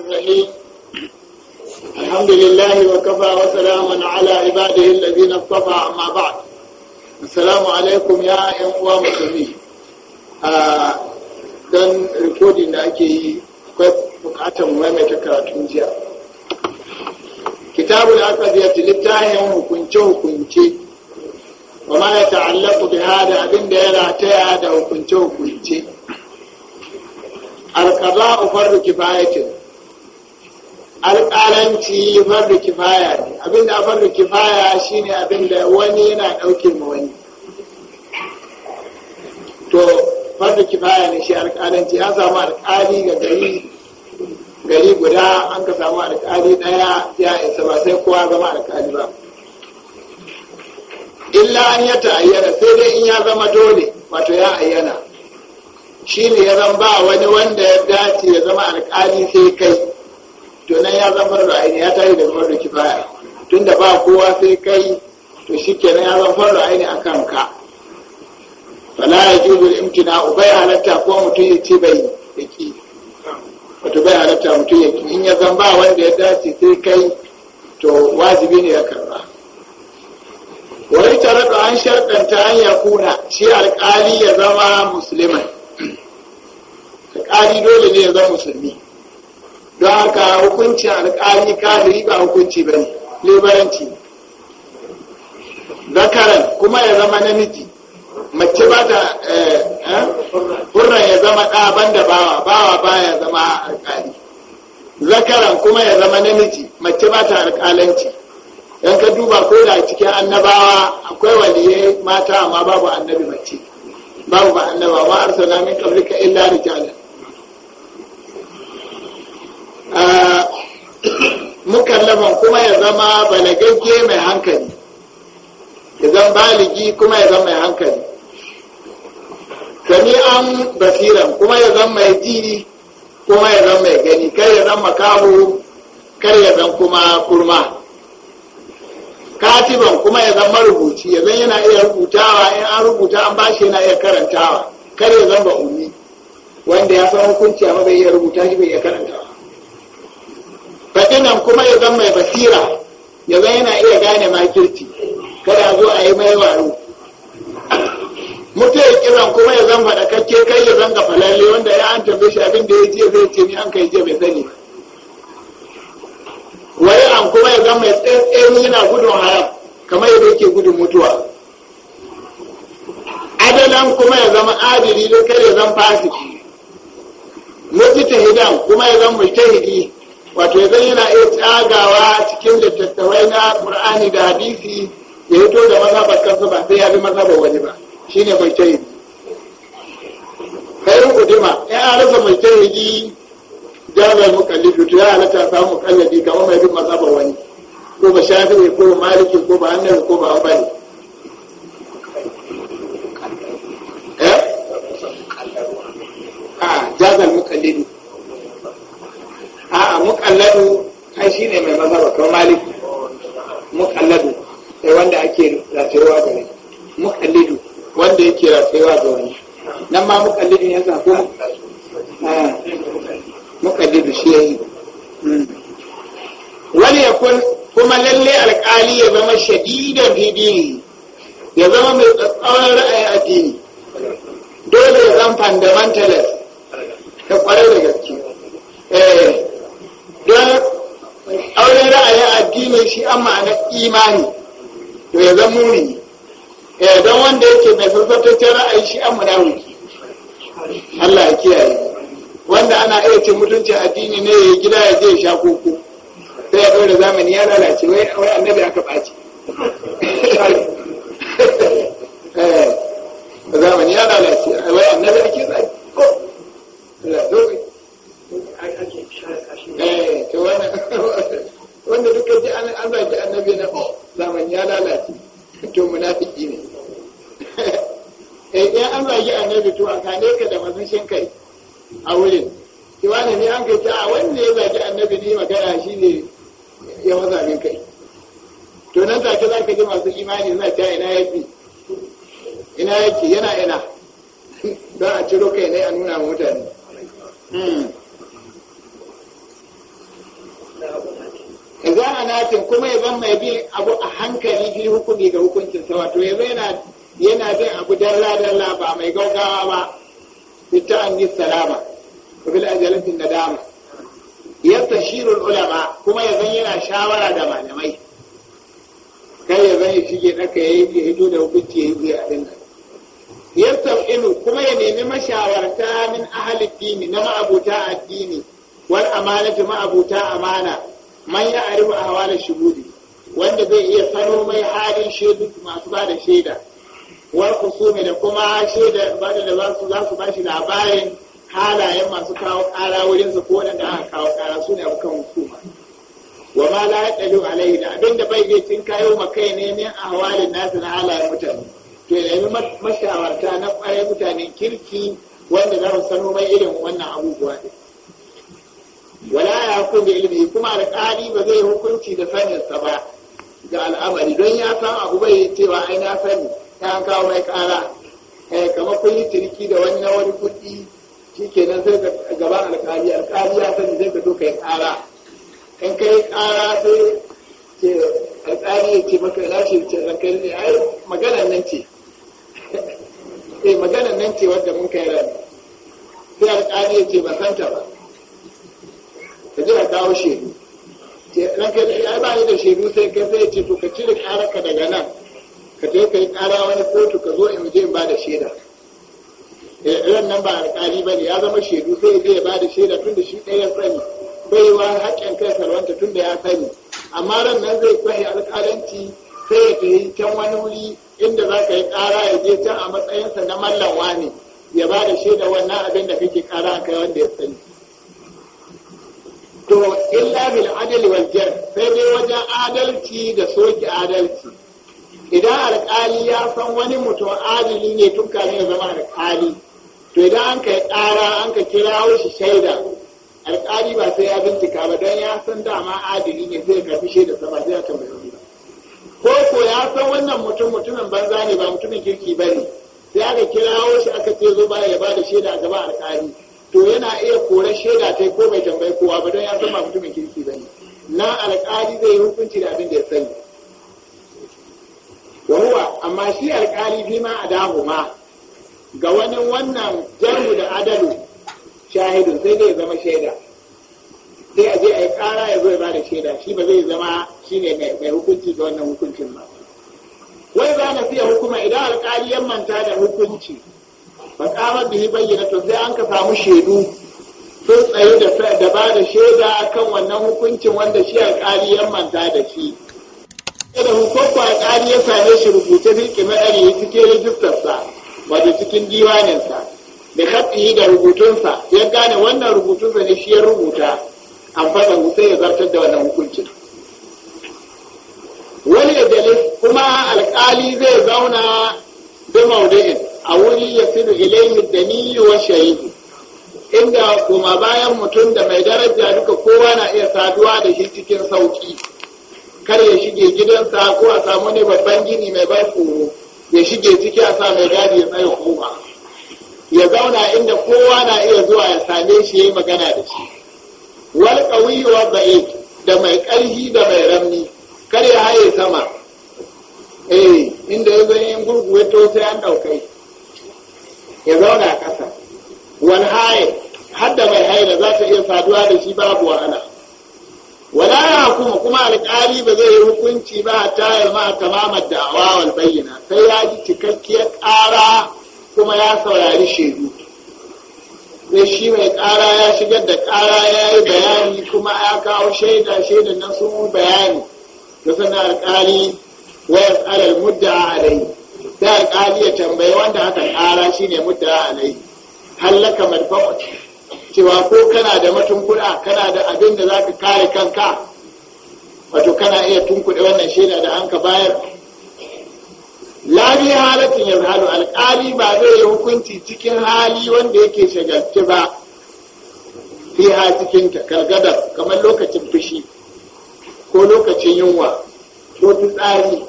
الرحيم الحمد لله وكفى وسلام على عباده الذين اصطفى أما بعد السلام عليكم يا إخوة مسلمين dan rikodin da ake yi akwai bukatar maimaita karatun jiya kitabul asabiyat littahin hukunce hukunce wa ma ya ta'allaqu bi hada abinda yana taya da hukunce hukunce alqada'u fardu kifayatin alƙalanci fardu kifaya ne abin da fardu kifaya shi ne abin da wani yana ɗauke ma wani to fardu kifaya ne shi alƙalanci ya samu alƙali ga gari gari guda an ka samu alƙali ɗaya ya isa ba sai kowa zama alƙali ba illa an yata ayyana sai dai in ya zama dole wato ya ayyana ne ya zan ba wani wanda ya dace ya zama alƙali sai kai to nan ya zama ra'ayi ya tayi da fardu kifaya tunda ba kowa sai kai to shikenan ya zama fardu aini akan ka fala ya ji jubu imtina bai halatta ko mutum ya ce bai yaki wato bai halatta mutum ya ki in ya zan ba wanda ya dace sai kai to wajibi ne ya karba wani tare da an sharɗanta an ya kuna shi alƙali ya zama musulman alƙali dole ne ya zama musulmi don haka hukuncin alƙari kafiri riba hukunci ba ne liberanci zakaran kuma ya zama namiji mace ba ta eh, eh, hurran ya zama ɗa banda bawa bawa ba ya zama alƙali zakaran kuma ya zama namiji mace ba ta alƙalanci yan ka duba ko da cikin annabawa akwai waliyai mata amma babu annabi mace babu ba annaba ma arsala min qablika illa rijalan mukallafan kuma ya zama balagagge mai hankali ya zama baligi kuma ya zama mai hankali sami'an basiran kuma ya zama mai ji kuma ya zama mai gani kar ya zama makaho kar ya zama kuma kurma katiban kuma ya zama rubuci ya zan yana iya rubutawa in an rubuta an ba shi yana iya karantawa kar ya zama umi wanda ya san hukunci amma bai iya rubuta shi bai iya karanta fadinan kuma ya zama mai basira ya zai yana iya gane makirci kada zo a yi mai waro mutum ya kiran kuma ya zama faɗakakke kai ya zanga falalle wanda ya an tambaye shi abin da ya je zai ce ni an kai je bai sani wai an kuma ya zama mai tsaye yana gudun haram kamar yadda yake gudun mutuwa adalan kuma ya zama adili don kai ya zama fasiki hidan kuma ya zama mujtahidi wato ya zan yana iya tsagawa cikin littattafai na Al-ƙur'ani da hadisi ya hito da mazhabar kansa ba sai ya bi mazhabar wani ba shi ne mai tayi kayan udima ya arasa mai tayi jami'ar mukallifi ya halatta samu kallabi kamar mai bin mazhabar wani ko ba ne, ko maliki ko ba hannun ko ba hanbali mukalladu kai shi ne mai mazhaba kamar malik mukalladu sai eh, wanda ake ratayuwa da rai mukallidu wanda yake ratayuwa da wani nan ma mukallidu ya sa ko ah, mukallidu shi yi hmm. wani ya kun kuma lalle alƙali ya zama shadidar bidini ya zama mai tsatsauran a addini dole ya zama fundamentalist ta kwarai da gaske eh, don auren ra'ayin addini shi an ma'anar imani to ya zama muni eh, don wanda yake mai sassataccen ra'ayi shi an munafiki Allah ya kiyaye wanda ana iya cin mutunci addini ne ya gida ya je sha koko sai ya ɗaure zamani ya lalace wai annabi aka ɓaci eh, zamani ya lalace wai annabi ake ko Eh, to wannan wanda duka ji an an zaki annabi na oh zaman ya lalace to munafiki ne eh an zaki annabi to an kane ka da mazushin kai a wurin ki wani ne an kai a wanda ya zaki annabi ne magana shi ne ya mazabin kai to nan zaki za ka ji masu imani za ta ina yake ina yake yana ina don a ciro kai ne a nuna mutane hmm. za a natin kuma ya zama mai bin abu a hankali fi hukumi ga hukuncin sa wato ya zai yana bin abu dalla dalla ba mai gaugawa ba ita an yi salama bil ajalatin nadama tashirul ulama kuma ya zan yana shawara da malamai kai ya zan shige daka yayi ya hito da hukunci ya yi a ya yasta'ilu kuma ya nemi mashawarta min ahli dini na ma'abuta addini wal amanatu ma'abuta amana man ya arifu a hawa da shuhudi wanda zai iya sano mai halin shaidu masu ba da shaida war kusumi da kuma shaida ba da za ba shi labarin halayen masu kawo kara wurin su ko wanda aka kawo kara su ne abukan hukuma wa ma la yaqulu alaihi da abinda bai zai cin kayo makai ne ne a hawalin nasu na halayen mutane to ya nemi mashawarta na ƙwarai mutanen kirki wanda za su sano irin wannan abubuwa ɗin wala ya hukum da ilimi, kuma alƙali ba zai hukunci da saninsa ba ga al'amari don ya san abu bai cewa ai na sani ta an kawo mai ƙara eh, kamar kun yi ciniki da wani na wani kuɗi shikenan sai ka gaba alƙali alƙali ya sani zai ka zo ka yi ƙara in ka yi ƙara sai ke alƙali ya ce maka na shi ce ranka ne ai maganar nan ce eh maganar nan ce wadda mun kai ran sai alƙali ya ce ba santa ba ka a kawo shedu ran ka da ai bani da shedu sai ka sai ce to ka cire karaka daga nan ka je ka yi kara wani kotu ka zo in je in ba da shaida eh, ran nan ba alƙali ba ne ya zama shedu sai zai ba da shaida tun da shi ɗaya ya sani Bai wa haƙƙin kai salwanta tun da ya sani amma ran nan zai kwaye alƙalanci sai ya tafi can wani wuri inda za ka yi ƙara ya je can a matsayinsa na mallan wani ya ba da shaida wannan abin da kake ƙara a kai wanda ya sani to illa bil adl wal jar sai dai wajen adalci da soki adalci idan alƙali ya san wani mutum adali ne tun kafin ya zama alƙali to idan an kai ƙara an ka kira shi shaida alƙali ba sai ya bincika ba don ya san dama adali ne sai ya karfi shaida sa ba sai ya tambaye ba ko ko ya san wannan mutum mutumin banza ne ba mutumin kirki ba ne sai aka kirawo shi aka ce zo ba ya ba da shaida a gaba alƙali to yana iya koren shaida ta ko mai tambayi kowa ba don ya zama mutumin kirki ba ne na alƙali zai yi hukunci da abin da ya sani wahuwa amma shi alƙali bi ma a dahuma ga wani wannan jarhu da adalu shahidun sai zai zama shaida sai a je a yi ƙara ya zo ya bada shaida shi ba zai zama shi ne mai hukunci da wannan hukuncin ba wai za na fiye hukuma idan alƙali ya manta da hukunci da qama bayyana to sai an ka samu shaidu sun tsaye da da ba da shaida kan wannan hukuncin wanda shi alƙali ya manta da shi da hukunku ƙari ya same shi rubuce fi ya cike rijistarsa wato cikin diwaninsa da kafi da rubutunsa ya gane wannan rubutunsa ne shi ya rubuta an faɗa sai ya zartar da wannan hukuncin wani da kuma alƙali zai zauna da maudu'in a wuri ya fi ilaihi da wa shahidu inda kuma bayan mutum da mai daraja duka kowa na iya saduwa da shi cikin sauki kar ya shige gidansa ko a samu ne babban gini mai bai ya shige ciki a sa mai gadi ya tsaye kowa ya zauna inda kowa na iya zuwa ya same shi ya yi magana da shi wal wa ba'i da mai ƙarfi da mai ramni kar ya haye sama eh inda ya yin gurguwa to sai an ɗaukai ya zauna a ƙasa wani haye hadda mai haida za ta iya saduwa da shi babu wahala wala ya kuma kuma alƙali ba zai yi hukunci ba a tayar ta a tamamar da awawal bayyana sai ya ji cikakkiyar ƙara kuma ya saurari shaidu sai shi mai ƙara ya shigar da ƙara ya yi bayani kuma ya kawo shaida shaidan nan sun bayani da sanar alƙali wa ya tsara muddawa a sai alƙali ya tambayi wanda aka ƙara shine a alai hallaka madfa'u cewa ko kana da matunkuda kana da abin da za ka kare kanka wato kana iya tunkuɗe wannan shaida da an ka bayar lafiya halatin ya halu alƙali ba zai yi hukunci cikin hali wanda yake shagalci ba fiha cikin gargadar kamar lokacin fushi ko lokacin yunwa ko fitsari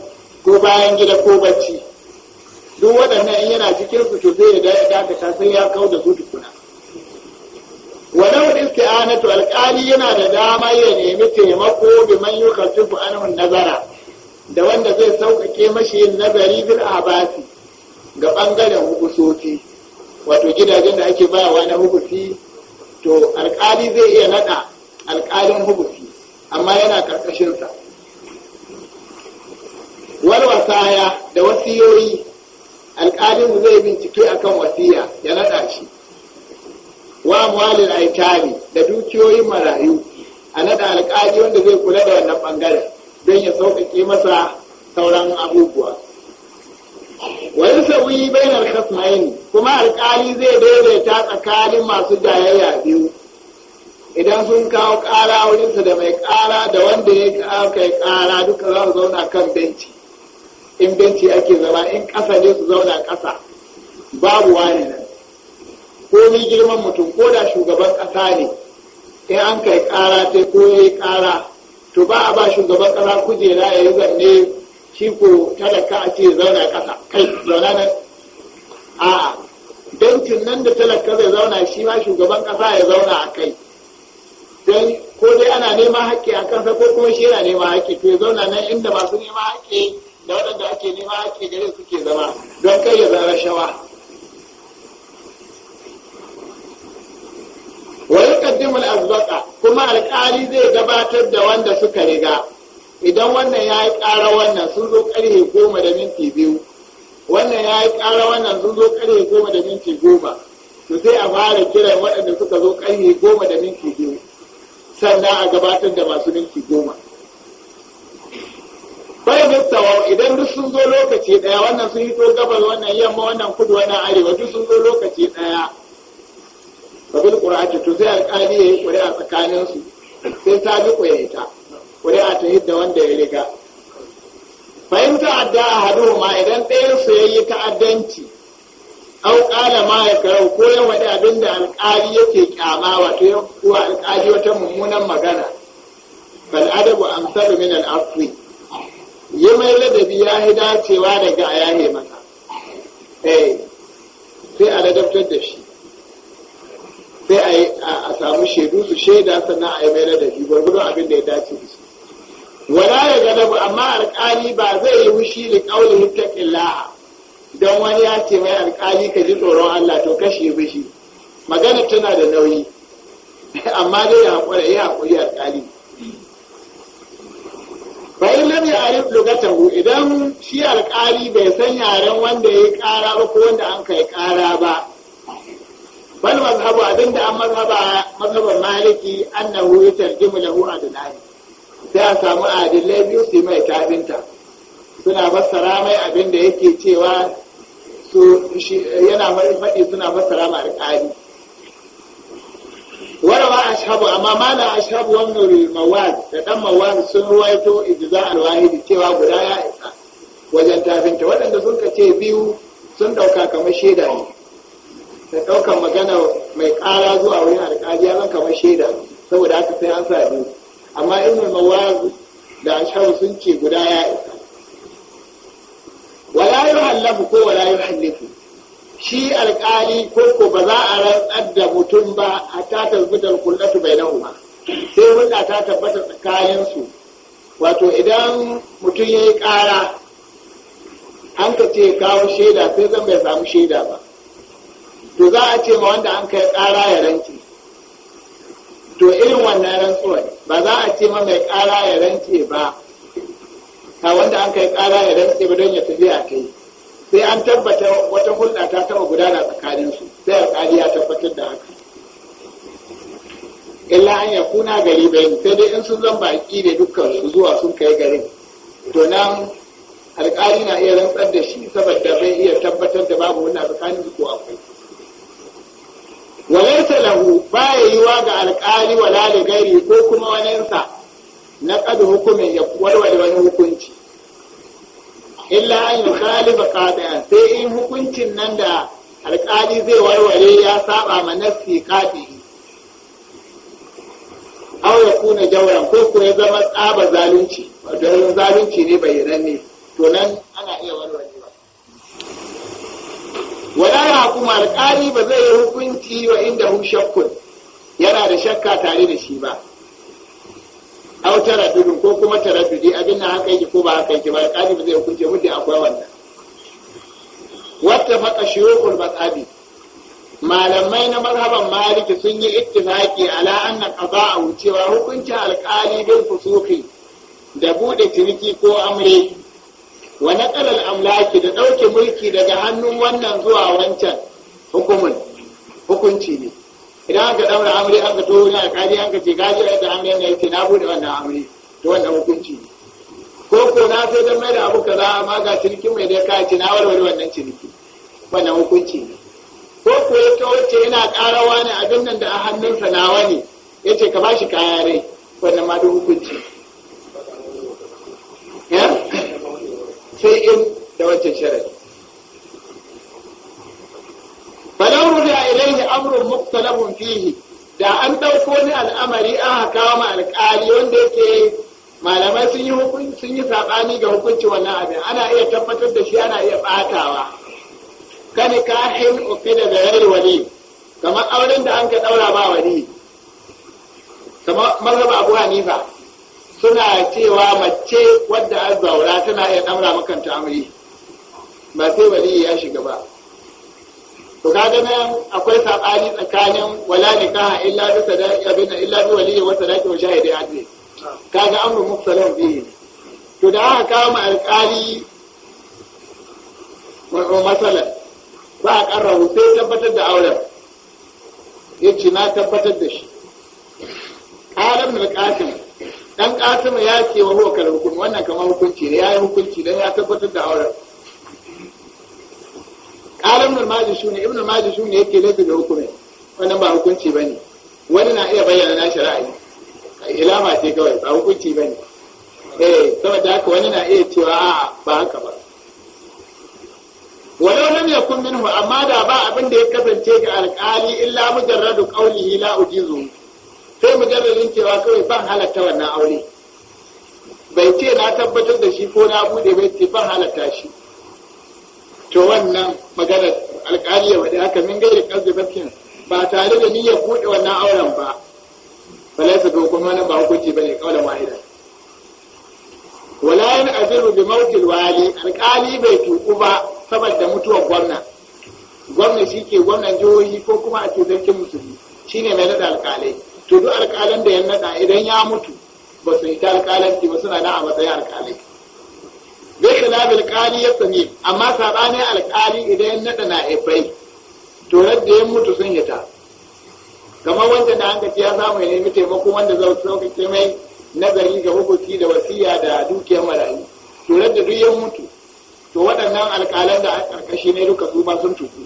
ko bayan gida ko bacci duk waɗannan in yana cikin su to zai ya dai dakata sai ya kau da su tukuna walau isti'anatu alƙali yana da dama ya nemi taimako bi man yukaffifu anhu nazara da wanda zai sauƙaƙe mashi yin nazari bil abasi ga ɓangaren hukusoci wato gidajen da ake bayawa na hukusi to alƙali zai iya naɗa alƙalin hukusi amma yana ƙarƙashinsa wal wasaya da wasiyoyi alƙalin zai bincike a kan wasiya ya naɗa shi wa amwalil aitami da dukiyoyin marayu a naɗa alƙali wanda zai kula da wannan ɓangare, don ya sauƙaƙe masa sauran abubuwa wa yusawi bainal khasmain kuma alƙali zai daidaita tsakanin masu jayayya biyu idan sun kawo ƙara wurinsa da mai ƙara da wanda ya kai ƙara duka za su zauna kan benci in ake zama in ƙasa ne su zauna ƙasa babu wani nan ko ni girman mutum ko da shugaban ƙasa ne in an kai ƙara ta ko ya yi ƙara to ba a ba shugaban ƙasa kujera ya yi zanne shi ko talaka a ce zauna ƙasa kai zauna nan a bencin nan da talaka zai zauna shi ma shugaban ƙasa ya zauna a kai don ko dai ana neman haƙƙi a kansa ko kuma shi yana neman haƙƙi to ya zauna nan inda masu neman haƙƙi da waɗanda ake nema ake gare suke zama don kai ya zara shawa wani kaddimul azbaka kuma alƙali zai gabatar da wanda suka riga idan wannan ya yi ƙara wannan sun zo ƙarfe goma da minti biyu wannan ya yi ƙara wannan sun zo ƙarfe goma da minti goma to sai a fara kiran waɗanda suka zo ƙarfe goma da minti biyu sannan a gabatar da masu minti goma bai gasawa idan duk sun zo lokaci daya wannan sun hito gabas wannan yamma wannan kudu wannan arewa duk sun zo lokaci daya sabil qur'ani to sai alƙali yayi ƙuri'a tsakanin su sai ta bi ƙuri'a ƙuri'a ta hidda wanda ya riga fahimta adda a ma idan ɗayan su yayi ta'addanci au ƙala ma ya karau ko ya wadi abin da alƙali yake kyama wato ya kuwa alƙali wata mummunan magana bal adabu amsalu min al yi mai ladabi ya yi dacewa daga a yaye masa eh, sai a ladabtar da shi sai a samu shaidu su shaida sannan a yi mai ladabi gwargwado abin da ya dace da shi. wala ya galabu amma alƙali ba zai yi wushi da ƙaunin la'a, don wani ya ce mai alƙali ka ji tsoron Allah to kashe bishi magana tana da nauyi amma dai ya haƙuri ya haƙuri alƙali lam a arif lugatahu idan shi alƙali bai san yaren wanda ya yi ƙara ba ko wanda an kai ƙara ba bal mazhabu abinda an mazhaba mazhaban maliki annahu yutarjimu lahu adlani sai a samu adillai biyu su mai tabinta suna fassara mai abinda yake cewa su yana faɗi suna fassara ma alƙali warawa ashabu amma mala ashabu wannan mawaz da dan mawaz sun ruwaito ijza al-wahid cewa guda ya isa wajen tafinta waɗanda sun ce biyu sun ɗauka kamar shaida ne da ɗaukar magana mai ƙara zuwa wurin alƙali ya kamar shaida saboda haka sai an sa biyu amma ilmin mawaz da ashabu sun ce guda ya isa wala yuhallafu ko wala yuhallifu shi alƙali ko ba za a rantsar da mutum ba a ta tabbatar kullatu bai nahu ba sai hulɗa ta tabbata tsakaninsu wato idan mutum ya yi ƙara an ka ce kawo shaida sai zan bai samu shaida ba to za a ce ma wanda an kai ƙara ya ranke to irin wannan rantsuwa ba za a ce ma mai ƙara ya ranke ba a wanda an kai ƙara ya ranke ba don ya tafi a kai sai an tabbata wata hulɗa ta taɓa gudana tsakaninsu sai alƙali ya tabbatar da haka illa an ya kuna gari bai sai dai in sun zan baƙi ne dukkan su zuwa sun kai garin to nan alƙali na iya rantsar da shi saboda bai iya tabbatar da babu wannan tsakanin su ko akwai walaysa lahu ba ya yiwa ga alƙali wala da gairi ko kuma waninsa na kada hukumin ya warware wani hukunci illa an yi khalifa sai in hukuncin nan da alkali zai warware ya saba ma nafsi kafi aw ya kuna jawran ko ko ya zama tsaba zalunci wato zalunci ne ne, to nan ana iya warware ba. wala ya kuma alkali ba zai yi hukunci wa inda hu shakkun yana da shakka tare da shi ba aw taraddudun ko kuma taraddudi abin nan haka yake ko ba haka yake ba alƙali ba zai hukunce muddin akwai wannan wata faka shuyukul matsabi malamai na marhaban maliki sun yi ittifaqi ala anna a wucewa, hukuncin alƙali bil fusuqi da bude ciniki ko amre wa naqal al amlaki da dauke mulki daga hannun wannan zuwa wancan hukumin hukunci ne idan aka daura amri an ka tona a kari an ka ce gaji a yadda amri ne yake na bude wannan amri to wannan hukunci ko ko na sai don mai da abu kaza amma ga ciniki mai da ka ce na warware wannan ciniki wannan hukunci ne ko ko ya kawace yana karawa ne abin nan da a hannunsa nawa ne yace ka bashi kaya rai wannan ma da hukunci ya eh? sai in da wancan sharadi falau ruja ilaihi amrun muktalafun fihi da an ɗauko ni al'amari an kawo ma alƙali wanda yake malamai sun yi hukunci sun yi saɓani ga hukunci wannan abin ana iya tabbatar da shi ana iya ɓatawa kani kahin ukida da yari wani. kamar auren da an ka ɗaura ba wani, kamar mazhab abu hanifa suna cewa mace wadda an zaura tana iya ɗaura makanta amri ba sai wali ya shiga ba to kaga nan akwai sabani tsakanin wala nikaha illa bi sadaqi abin illa bi wali wa sadaqi wa shahidi adli kaga amru mufsalan bi to da aka kama alƙali wa masala ba a karrahu sai tabbatar da auren yace na tabbatar da shi qalam min qasim dan qasim ya ce wa huwa kal wannan kamar hukunci ne yayi hukunci dan ya tabbatar da auren qala ibn al-majishuni ibn al-majishuni yake laifin da hukumai. wannan ba hukunci bane wani na iya bayyana na shari'a ilama ce kawai ba hukunci bane eh saboda haka wani na iya cewa a'a ba haka ba walau lam yakun minhu amma da ba abin da ya kasance ga alƙali illa mujarradu qawlihi la ujizu sai mujarradin cewa kawai ban halatta wannan aure bai ce na tabbatar da shi ko na bude bai ce ban halatta shi to wannan maganar alƙali ya faɗi haka min gairi ƙasdi bakin ba tare da niyyar buɗe wannan auren ba falaisa to kuma wannan ba hukunci bane kaulan wahida wala yan aziru bi mautil wali alƙali bai tuku ba saboda mutuwar gwamna gwamna shi ke gwamnan jihohi ko kuma a cikin musulmi musulmi shine mai nada alƙalai to duk alƙalan da ya naɗa idan ya mutu ba su yi ta alƙalanci ba suna na a matsayin alƙalai bisa labil kali ya sani amma saɓani alkali idan naɗa na haifai to da ya mutu sun yata kamar wanda na hankali ya samu ya nemi taimako wanda zai sauƙaƙe mai nazari ga hukunci da wasiya da dukiyar marayu to da duk ya mutu to waɗannan alkalan da aka ƙarƙashi ne duka su ma sun tuku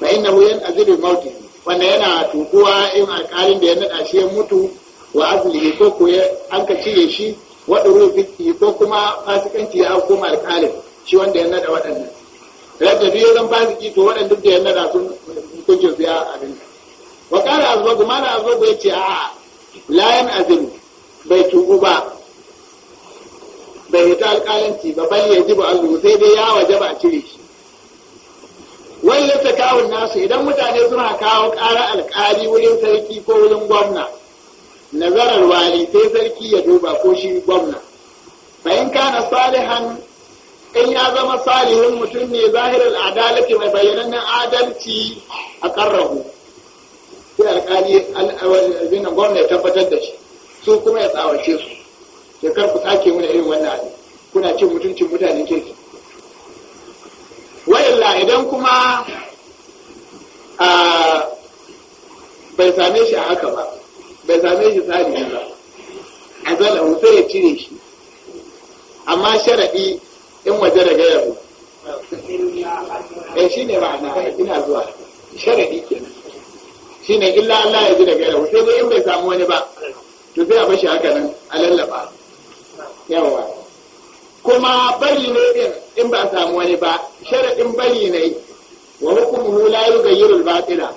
fa inna hu yan azibu mauti wanda yana tukuwa in alƙalin da ya naɗa shi ya mutu wa azlihi ko ko an ka cire shi waɗuru fiski ko kuma fasikanci ya hukuma alƙalin shi wanda ya nada waɗannan radda biyu zan fasiki to waɗanda da ya nada sun hukuncin su a abin wa ƙara azwagu mana azwagu ya ce a'a layan azin bai tubu ba bai hita alƙalanci ba bai ya ba allu sai dai ya waje ba cire shi wani lissa kawun nasu idan mutane suna kawo ƙara alƙali wurin sarki ko wurin gwamna nazarar wali sai sarki ya duba ko shi gwamna bayan kana salihan in ya zama salihin mutum ne zahirar adalci mai bayyanannen adalci a karrahu sai alkali al'awarin gwamna ya tabbatar da shi su kuma ya tsawace su sai kar ku sake mana irin wannan abin kuna cin mutuncin ke kirki wayalla idan kuma bai same shi a haka ba bai same shi tsari ba a zala sai ya cire shi amma sharaɗi in waje da gaya gayar eh shi ne ma'ana ina zuwa sharaɗi kenan shi ne illa Allah ya ji da gayar sai dai in bai samu wani ba to sai a bashi haka nan a lallaba yawa kuma bari ne din in ba samu wani ba sharaɗin bari ne wa hukumuhu la yughayyirul batila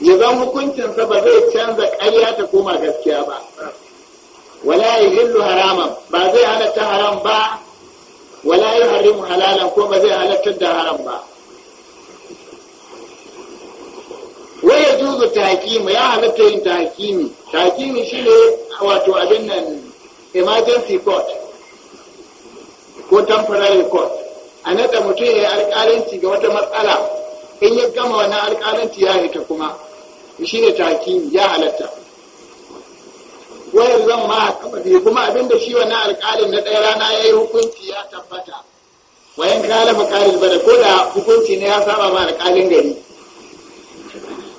ya zan hukuncinsa ba zai canza ƙarya ta koma gaskiya ba wala yuhillu haraman ba zai halatta haram ba wala harimu halalan ko ba zai halatta da haram ba waya juzu tahkimi ya halatta yin tahkimi shi shine wato abin nan emergency court ko temporary court a naɗa mutum ya yi alƙalanci ga wata matsala in ya gama wannan alƙalanci ya hita kuma shi ne taki ya halatta wayar zan ma kama biyu kuma abinda shi na alƙalin na ɗaya rana ya yi hukunci ya tabbata wayan kala makarin ba ko da hukunci ne ya saba ma alƙalin gari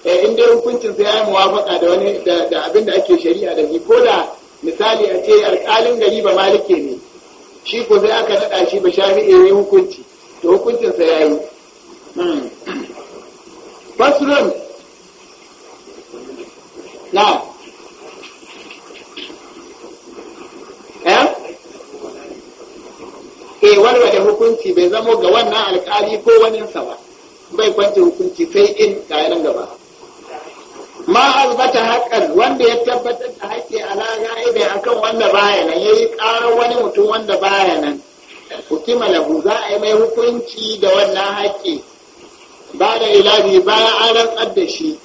eh in dai hukuncin sai ya yi muwafaka da wani da abin ake shari'a da shi ko misali a ce alƙalin gari ba malike ne shi ko sai aka naɗa shi ba shafi ya yi hukunci to hukuncinsa ya yi hmm. fasulun Now, eh, eh wani hukunci bai zamo ga wannan alkali ko wani sawa bai kwance hukunci sai in kayan gaba ma albata haƙar wanda ya tabbatar da haƙƙi ibe a akan wanda baya nan yi ƙarar wani mutum wanda baya nan hukima lahu za a yi mai hukunci da wannan haƙƙi ba da ilahi bayan an rantsar da shi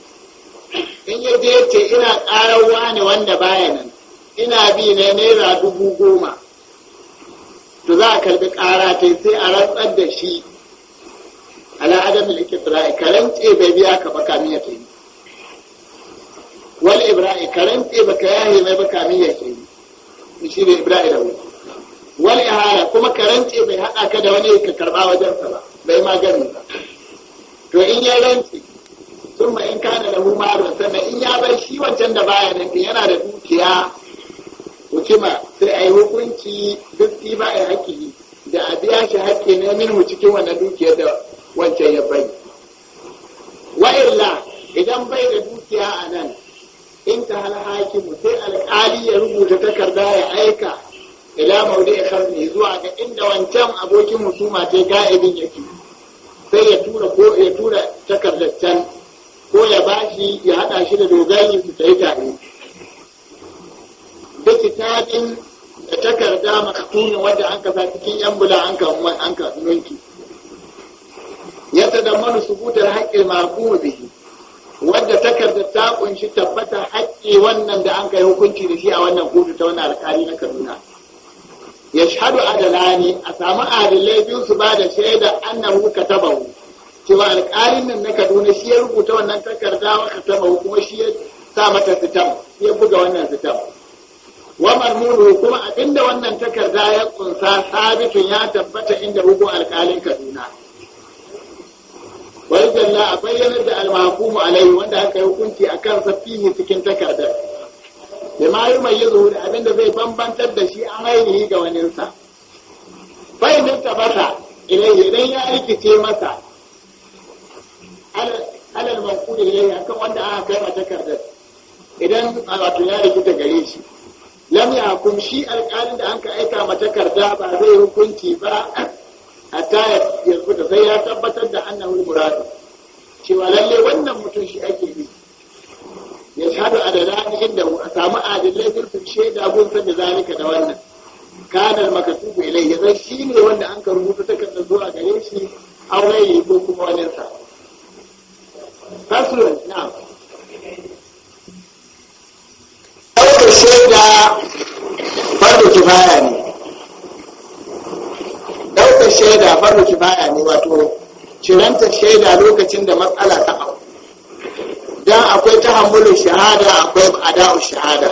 in ya je ce ina ƙararwa ne wanda baya nan ina bi ne naira dubu goma to za a karbi ƙara ta sai a rantsar da shi ala adam al karen ce bai biya ka ba kamin ta yi. wal karen ce baka yahe mai ba kamin ya tafi shi ne Ibrahim da wuce wal ihara kuma ce bai haɗa ka da wani ka karɓa wajensa ba bai magani ba to in ya rance sun ma in kana lahu da sannan in ya bai shi wancan da baya ke yana da dukiya hukima sai a hukunci duk ba a haƙƙi da a biya shi haƙƙi ne mu cikin wannan dukiyar da wancan ya bai wa illa idan bai da dukiya a nan in ta hal hakimu sai alƙali ya rubuta takarda ya aika ila maudi kharni zuwa ga inda wancan abokin husuma ta ga'ibin yake sai ya tura ko ya tura takardar can ko ya bashi ya haɗa shi da dogayen su ta yi tare da kitabin da takarda makatunin wanda an kasa cikin yan bula an kamu an ya ta damar subutar haƙƙi maƙumu bihi wadda takarda ta kunshi tabbata haƙƙi wannan da an kai hukunci da shi a wannan kotu ta wannan alƙali na kaduna ya shahadu adalani a samu adalai biyu su ba da shaida annahu katabahu cewa alƙalin nan na kaduna shi ya rubuta wannan takarda wa katama kuma shi ya sa mata sitam ya buga wannan sitam wa marmuru kuma abinda wannan takarda ya kunsa sabitun ya tabbata inda rubu alƙalin kaduna wai jalla a bayyanar da almahkumu alai wanda aka yi hukunci a kansa fihi cikin takardar da ma yi mai yazo da abinda zai bambantar da shi an ainihi ga waninsa bai ta idan ya rikice masa alal manku da akan wanda aka kai a takardar idan wato ya ta gare shi lam kun shi alƙalin da anka aika ma takarda ba zai hukunci ba hatta ya ta sai ya tabbatar da annahu muradu cewa lalle wannan mutum shi ake bi ya shahadu adalani inda a samu adalai zurfin shaida gun san da zalika da wannan kanar makatubu ilai ya zai shi ne wanda an ka rubuta takarda zuwa gare shi aure ko kuma wani sa faslun na'am ɗaukar shaida farko kifaya ne ɗaukar shaida farko kifaya ne wato ciranta shaida lokacin da matsala ta auku Dan akwai tahammulin shahada akwai ada'u shahada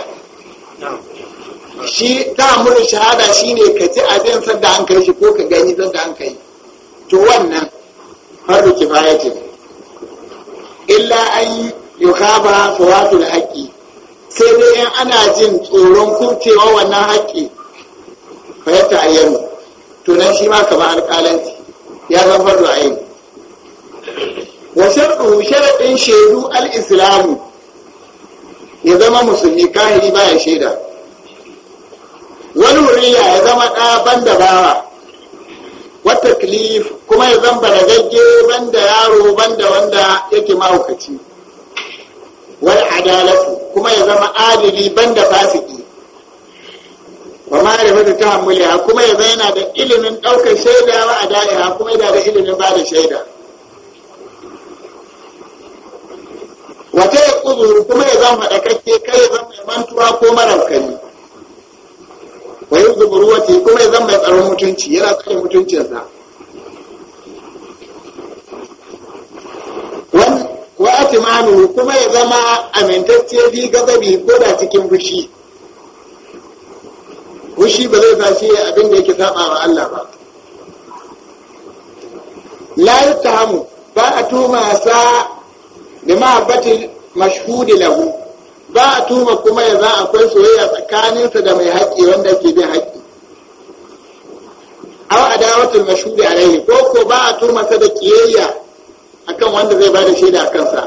shi tahammulin shahada shi ne ka ci abin sanda an kai shi ko ka gani sanda an kai to wannan farko baya ce illa an yi yukaba fawatul haƙƙi sai dai in ana jin tsoron kubcewa wannan haƙƙi a ayyaru to nan shi ma kamar alƙalanci ya zan fardu a yi wa sharɗu sharaɗin shaidu al-islamu ya zama musulmi kahiri baya shaida wani wuri ya zama ɗa ban bawa wata kilif kuma ya zan baragagge banda yaro banda wanda yake mahaukaci wal adalatu kuma ya zama adili banda fasiki wa ma'rifatu tahammuliha kuma ya zan yana da ilimin ɗaukar shaida wa adaliha kuma yana da ilimin ba da shaida wata ya kuzuru kuma ya zan faɗakakke kai ya zan mai mantuwa ko marar kani wa yi zuburuwati kuma ya zan karamin mutunci yana mutuncin mutuncinsa wa atimanu kuma ya zama amintacce bi gazabi ko da cikin bushi bushi ba zai tashi abin da yake saba wa Allah ba la yuttahamu ba a tuma sa bi mahabbatin mashhudi lahu ba a tuma kuma ya za akwai soyayya tsakaninsa da mai haƙƙi wanda ke bin haƙƙi aw adawatul mashhur alaihi ko ko ba a tuma masa da kiyayya akan wanda zai bada shaida a kansa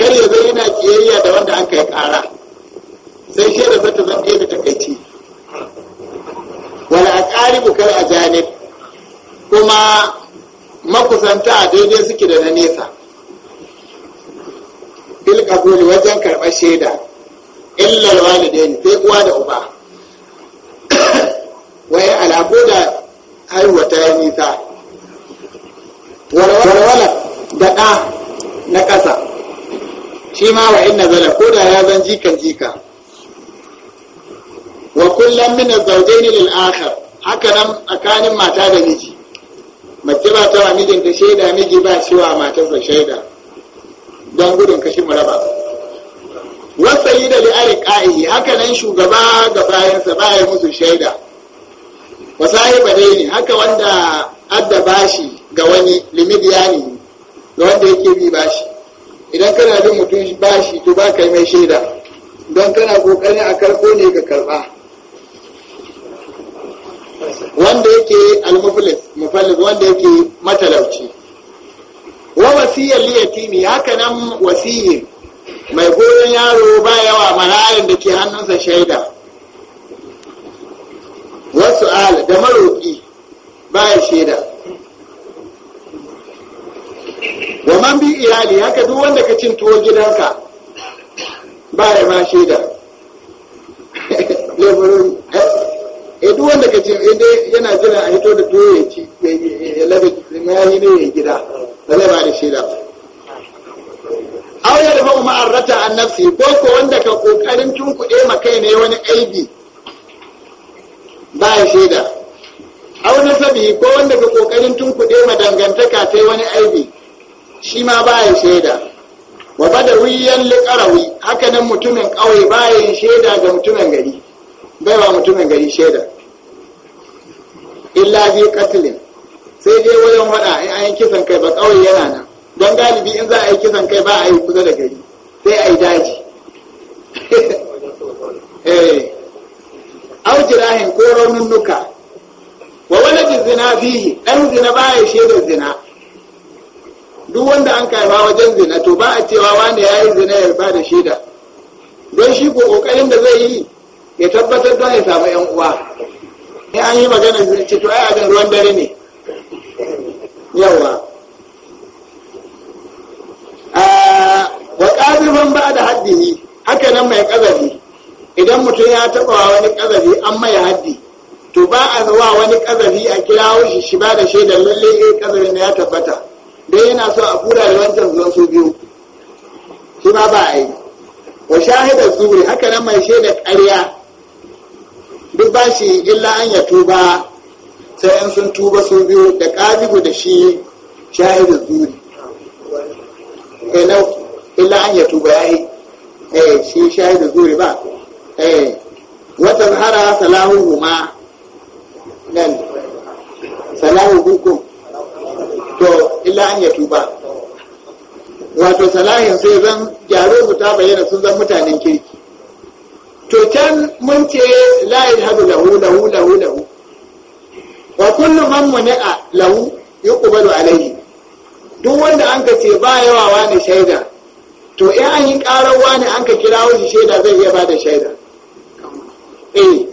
kar ya zai yana kiyayya da wanda an kai kara sai shaida za ta zama da takaici wala aqaribu kal ajanib kuma makusanta daidai suke da na nesa bil qabul wajen karɓar shaida illa walidain sai uwa da uba wai alabo da haihuwa ta yi nisa walwala da ɗa na ƙasa shi ma wa ina zala ko da ya zan jikan jika wa kullum min zawjaini ne lil'akar haka nan tsakanin mata da miji mace ba ta wa mijinta shaida miji ba shi wa matarsa shaida don gudun kashin maraba yi da li'ari ka'ihi haka nan shugaba ga bayansa ba ya musu shaida ba bane ne haka wanda adda bashi ga wani ne, ga wanda yake bi bashi idan kana bin mutum bashi to ba kai mai shaida don kana kokari a karko ne ga karba wanda yake almuflis mufallis wanda yake matalauci wa wasiyar liyatimi haka nan wasiyi mai goyon yaro ba yawa marayan da ke hannunsa shaida wasu ala da maroƙi baya shaida wa man bi iyali haka duk wanda ka cin tuwo gidanka baya ma shaida e duk wanda ka cin inda yana jira a hito da tuwo ya ci ya ya mayayi ne ya gida ba zai ba da shaida ba da ba ma'arrata an nafsi ko ko wanda ka kokarin tunkuɗe ma kai ne wani aibi ba ya shaida wani sabi ko wanda ga kokarin tunkuɗe ma dangantaka ta wani aibi shi ma ba ya shaida wa badawiyan liqarawi haka nan mutumin ƙauye ba ya yi shaida ga mutumin gari bai ba mutumin gari shaida illa bi katilin sai dai wajen wada in an yi kisan kai ba ƙauye yana nan don galibi in za a yi kisan kai ba a yi kusa da gari sai a yi daji eh aw jirahin ko raunin nuka wa waladi zina bihi dan zina baya shaidar zina duk wanda an kaiwa wajen zina to ba a cewa wani ya yi zina ya ba da shaida don shi ko kokarin da zai yi ya tabbatar don ya samu yan uwa ne an yi magana zai to ai abin ruwan dare ne yawa ah, wa qadiban ba da haddihi haka nan mai kazari idan mutum ya taba wani kazafi an mai haddi to ba a zuwa wani kazafi a kirawo shi shi ba da shaidar lalle eh kazafin ya tabbata dai yana so a kura da wancan zuwan su biyu shi ma ba a yi wa shahidar zuri haka nan mai shaidar ƙarya duk ba shi illa an ya tuba sai in sun tuba su biyu da ƙazibu da shi shahidar zuri eh, illa an ya tuba ya yi eh, shi shahidar zuri ba eh wata salahu huma nan salahu hukum to illa an ya tuba wato salahin sai zan gyaro mu ta bayyana sun zan mutanen kirki to can mun ce la yadhadu lahu lahu lahu lahu wa kullu man muni'a lahu yuqbalu alayhi duk wanda an ka ce ba yawa wani shaida to in an yi karar wani an ka kira shi shaida zai iya bada shaida Eh,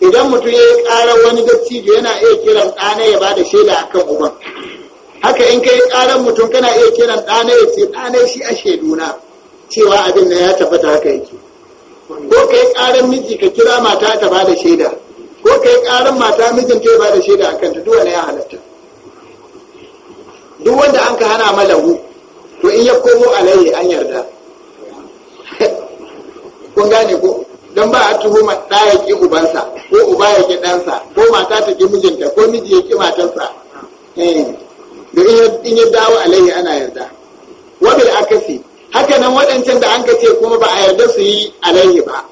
idan mutum ya yi ƙarar wani dattijo yana iya kiran ɗana ya bada shaida akan uban haka in kai ƙarar mutum kana iya kiran ɗana ya ce ɗana shi a shaiduna cewa abin na ya tabbata haka yake ko kai ƙarar miji ka kira mata ta bada shaida ko kai ƙarar mata mijin ta bada shaida a Kanta duk wani ya halatta duk wanda an ka hana malahu to in ya komo alayhi an yarda kun gane ko don ba a tuho ɗa ya ƙi ubansa ko uba ya ƙi ɗansa ko mata ta ƙi mijinta ko miji ya ƙi matarsa eh, da in ya dawo alaihi ana yarda wabil akasi haka nan waɗancan da an ka ce kuma ba a yarda su yi alaihi ba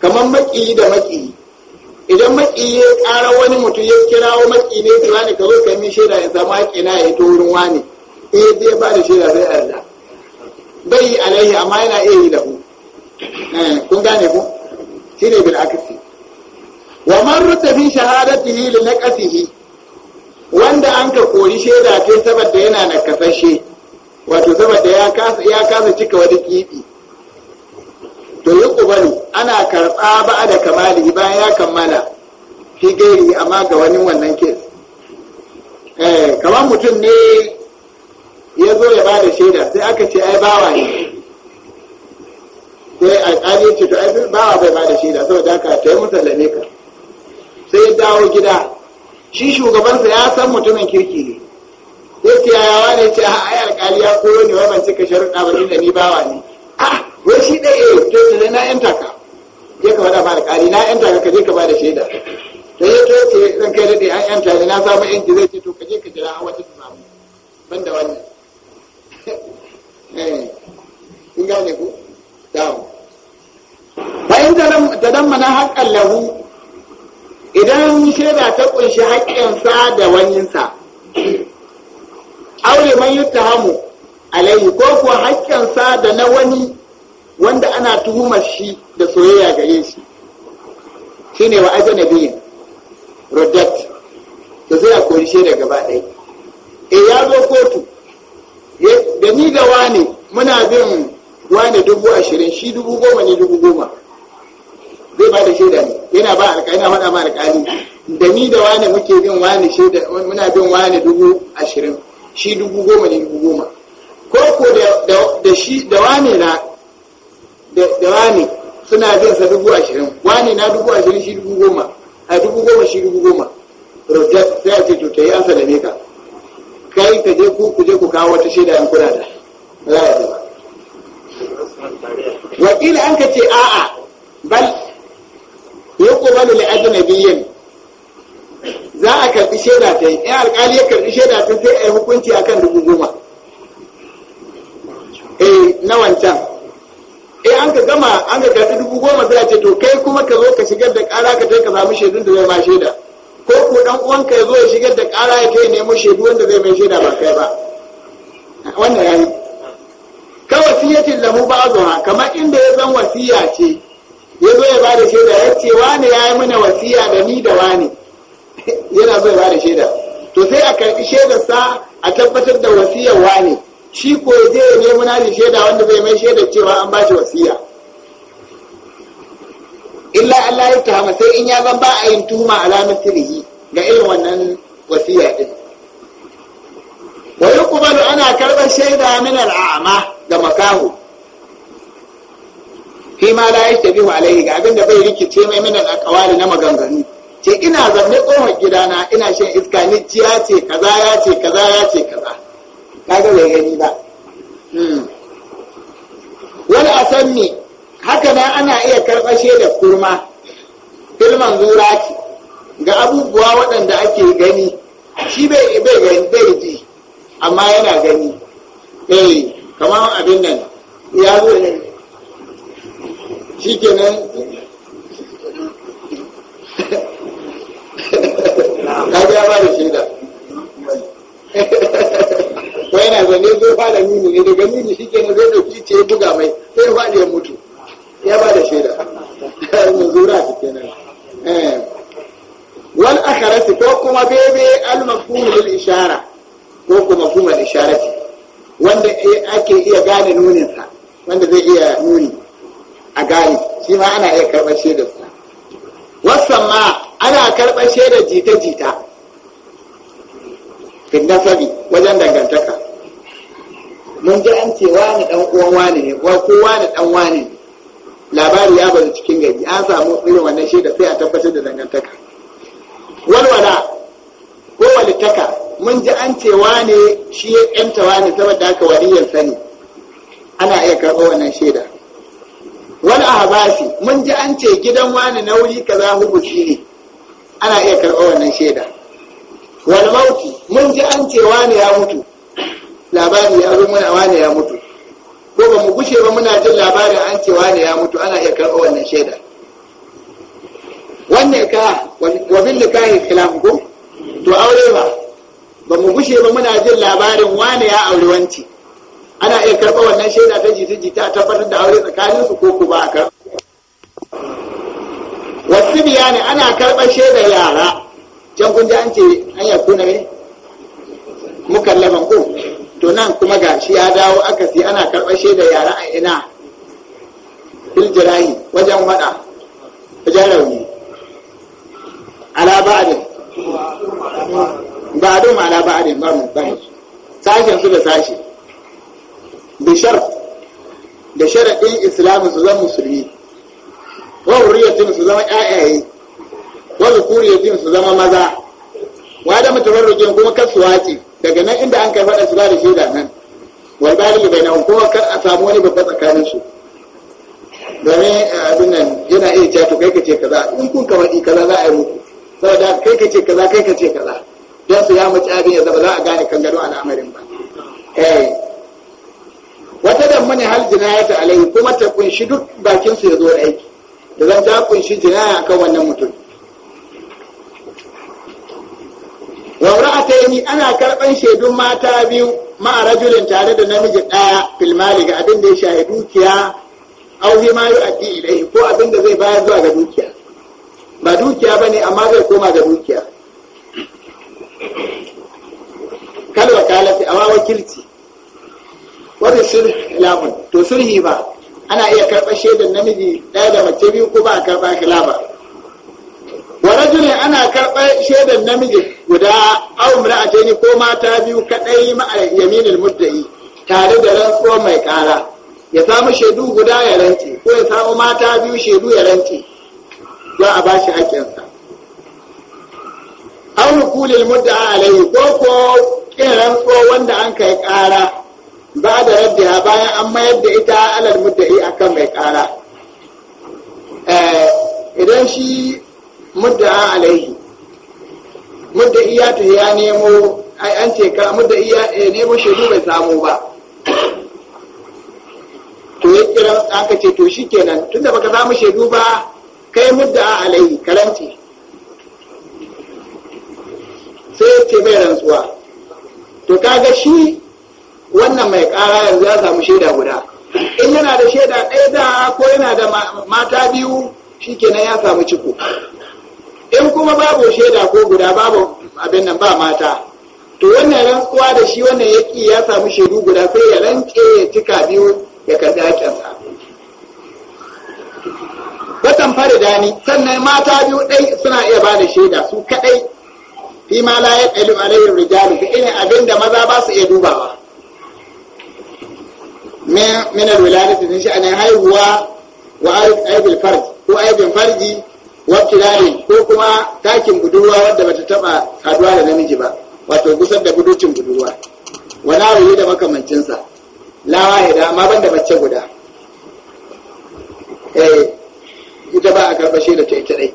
kamar maƙiyi da maƙiyi idan maƙiyi ya ƙara wani mutum ya kirawo maƙi ne su wani ka zo ka yi shaida ya zama haƙƙi na ya ta wurin wani in ya ba da shaida zai yarda bai yi alaihi amma yana iya yi lahu Eh, kun gane ku shi ne bil akasi wa man fi shahadatihi li naqasihi wanda an ka kori shaida ce saboda yana nakasashe wato saboda ya kasa ya kasa cika wani kibi to yi bani ana karɓa ba da kamali bayan ya kammala fi gairi amma ga wani wannan kes eh, kamar mutum ne ya zo ya ba da shaida sai aka ce ai bawa ne sai alƙali ce to ba bawa bai bada shaida saboda haka ta yi musallame ka sai ya dawo gida shi shugabansa ya san mutumin kirki ne ya ce yawa ne ce a ai alƙali ya koyo ne wai ban cika sharuɗa ba inda ni bawa ne a ah, wai shi ɗaya eh, to yanzu na yanta ka je ka faɗa ma alƙali na yanta ka ka je ka bada shaida da ya to ce zan kai daɗe an yanta ne na samu yanci zai ce to ka je ka jira a wata ta samu ban da wannan in eh, gane ku dawo bayan da dan mana haƙƙan lahu idan shaida ta ƙunshi haƙƙinsa da waninsa aure man yi hamu alayhi ko kuwa haƙƙinsa da na wani wanda ana tuhumar shi da soyayya gare shi shine wa ajanabiyin rodat to sai a kori shaida gaba ɗaya e ya zo kotu da ni da wani muna bin wane dubu ashirin shi dubu goma ne dubu goma zai ba da shaida ne yana ba alƙali yana faɗa ma alƙali da ni da wane muke bin wane shaida muna bin wane dubu ashirin shi dubu goma ne dubu goma ko ko da shi da wane na da wane suna bin sa dubu ashirin wane na dubu ashirin shi dubu goma a dubu goma shi dubu goma rajat sai a ce to ta yi an ne ka kai ka je ku ku je ku kawo wata shaida an kula da ba za a yi ba wakila an ka ce a'a bal ya kubalu li biyan za a karbi shaida ta yi in alkali ya karbi shaida ta sai a yi hukunci akan dubu goma eh na wancan eh an ka gama an ka karbi dubu goma sai a ce to kai kuma ka zo ka shigar da kara ka kai ka samu shaidun da zai ma shaida ko ko dan uwanka ya zo ya shigar da kara ya kai nemo shaidu wanda zai mai shaida ba kai ba wannan yayi wasiyatin lahu ba'dha kamar inda ya zan wasiya ce ya zo ya bada shaida ya ce wani ya yi mana wasiya da ni da wani yana zo ya bada shaida to sai a karbi sa a tabbatar da wasiyar wani shi ko je ya nemi da shaida wanda zai mai shaidar cewa an bashi wasiya illa Allah ya tahama sai in ya zan ba a yin tuhuma alamar tilihi ga irin wannan wasiya din wa yuqbalu ana karban shaida min al'ama ga makaho fi ma la bihu alaihi ga abinda bai rikice mai minan aqwali na maganganu ce ina zanne tsohon gidana ina shan iska ni ciya ce kaza ya ce kaza ya ce kaza kaga bai gani ba hmm. wani a san ni haka nan ana iya karɓashe da kurma filman zura ce ga abubuwa waɗanda ake gani shi bai gani bai ji amma yana gani eh kamar abin nan ya zo ne shi kenan na ga ba da shaida ko yana zane zo fara mini ne daga mini shi kenan zai dauki ce ya buga mai sai ya fadi ya mutu ya bada da shaida mai zura shi kenan eh. wal akharati ko kuma bebe al mafhumul ishara ko kuma kuma mafhumul isharati wanda eh, ake iya gane nuninsa wanda zai iya nuni a gane shi ma ana iya karɓar shaidarsa wasan ma ana karɓar shaidar jita-jita fin nasari wajen dangantaka mun ji an ce wani ɗan uwan wani ne ko ni ɗan wani ne labari ya bazu cikin gari an samu irin wannan da sai a tabbatar da dangantaka walwala ko walittaka mun ji an cewa ne shi ya yanta wani saboda haka waliyan sani ana iya karɓo wannan shaida wani ahabasi mun ji an ce gidan wani nauyi ka za hubushi ne ana iya karɓo wannan shaida wani mauti mun ji an ce wani ya mutu labari ya zo muna wani ya mutu ko ba mu gushe ba muna jin labarin an ce wani ya mutu ana iya karɓo wannan shaida wannan ka wa bin nikahi khilafu to aure ba ba mu gushe ba muna jin labarin wane ya aure wanci ana iya karɓa wannan shaida ta jita jita a tabbatar da aure tsakanin su ko ku ba a karɓa wasu biya ne ana karɓar shaidar yara can kun ji an ce an ya kuna ne laban ko to nan kuma ga shi ya dawo aka si ana karɓar shaidar yara a ina filjirahi wajen wada wajen rauni ala ba'adin ba a doma na ba a ne ba mu bane sashen su da sashe da sharaf da sharaɗin islamu su zama musulmi wa hurriyatin su zama ƴaƴaye wa zukuriyatin su zama maza wa da mutawarrijin kuma kasuwa ce daga nan inda an kai faɗa su ba da shaida nan wal da bai na kuma kar a samu wani babba tsakanin su domin eh, abin nan yana iya cewa to kai ka ce kaza in kun ka faɗi kaza za a yi muku saboda kai ka ce kaza kai ka ce kaza don su ya mace abin ya zama za a gane kan gado al'amarin ba eh. wata da mani hal jinayata alaihi kuma ta kunshi duk bakin su ya zo aiki da zan ta kunshi jinaya akan wannan mutum ta ni ana karban shaidun mata biyu ma'arajulin tare da namiji ɗaya filmali ga abin da ya shahi dukiya au ma yu'addi ilaihi ko abin da zai bayar zuwa ga dukiya ba dukiya ba ne amma zai koma ga dukiya kal wakalati amma wakilci wani sulh lamun to sulhi ba ana iya karɓar shaidar namiji ɗaya da mace biyu ko ba a karɓa khilaba Wani jini ana karɓar shaidar namiji guda a imra'atayn ko mata biyu kadai ma yaminin muddai tare da rantsuwar mai ƙara, ya samu shaidu guda ya rance ko ya samu mata biyu shaidu ya rance za a bashi haƙƙinsa an muda A alayi ko ko kiran ko wanda an kai ƙara ba da raddiya bayan an mayar da ita alal a kan mai ƙara eh, idan shi a alayi muda ya tafi ya nemo ai an ce ka muda ya eh, nemo shaidu bai samu ba to ya kiran aka ka ce to shikenan tunda baka samu shaidu ba kai mudda a alaihi karanti sai ce mai rantsuwa to kaga shi wannan mai kara yanzu ya samu shaida guda in yana da shaida ɗaya da ko yana da mata biyu shi kenan ya samu ciko in kuma babu shaida ko guda babu abin nan ba mata to wannan rantsuwa da shi wannan yaki ya samu shaidu guda sai ya rantse ya cika biyu ya karɓi haƙƙinsa watan da ni sannan mata biyu ɗai suna iya ba da shaida su kaɗai fi ma la ya ɗalu alayhi rijalu ga irin abin da maza ba su iya dubawa min alwiladati din sha'anin haihuwa wa aibul farji ko aibin farji wa kirari ko kuma takin budurwa wanda bata taba haduwa da namiji ba wato gusar da budurcin budurwa wala wuri da makamancinsa ya da ma banda mace guda eh ita ba a karbashe da ta ita dai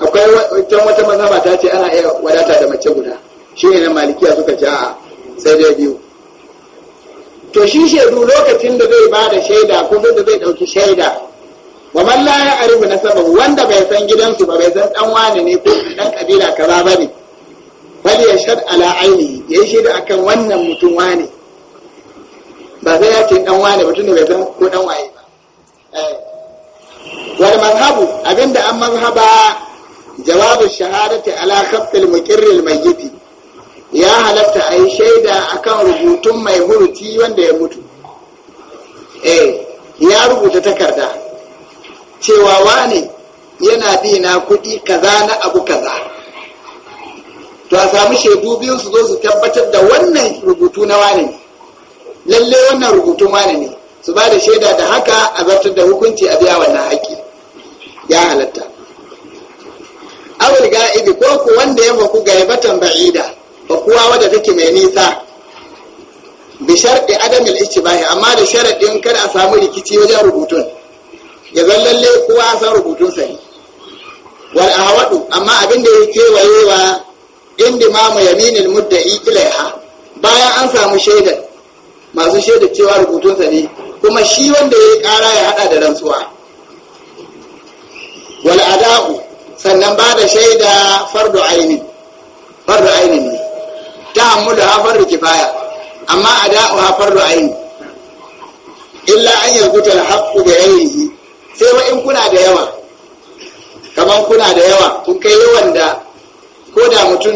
akwai wata wata mazhaba ta ce ana iya wadata da mace guda shi ne na malikiya suka a sai dai biyu to shi shaidu lokacin da zai ba da shaida ko da zai ɗauki shaida wa man la ya'rifu nasabahu wanda bai san gidansu ba bai san dan wani ne ko dan kabila kaza bane bal yashhad ala ainihi yayi shaida akan wannan mutum wani ba sai ya ce dan wani mutum ne bai san ko dan waye ba eh wal mazhabu abinda an mazhaba jawabu shahadati ala khaftil muqirril mayyit ya halatta a shaida akan rubutun mai hurti wanda ya mutu eh ya rubuta takarda cewa wane yana dina kuɗi kaza na abu kaza to a samu shaidu biyu su zo su tabbatar da wannan rubutu na wane ne lalle wannan rubutun wane ne su ba da shaida da haka a zartar da hukunci a biya wannan haƙƙi ya halatta awul ga'ibi ko ku wanda ya maku gaibatan ba'ida ba kuwa wadda take mai nisa bi sharɗi adamil ijtibahi amma da sharaɗin kar a samu rikici wajen rubutun ya zan lalle kowa a san rubutun sai wal ahwadu amma abin da ya kewayewa inda mudda yaminil mudda'i ilaiha bayan an samu shaidar masu shaidar cewa rubutun ne kuma shi wanda ya yi kara ya haɗa da rantsuwa wal ada'u sannan ba da shaida fardu aini fardu aini ne ta'ammulu ha fardu kifaya amma ada'u ha fardu aini illa an yarbuta al-haqqu bi ayyihi sai wa in kuna da yawa kaman kuna da yawa kun kai yawan da ko da mutum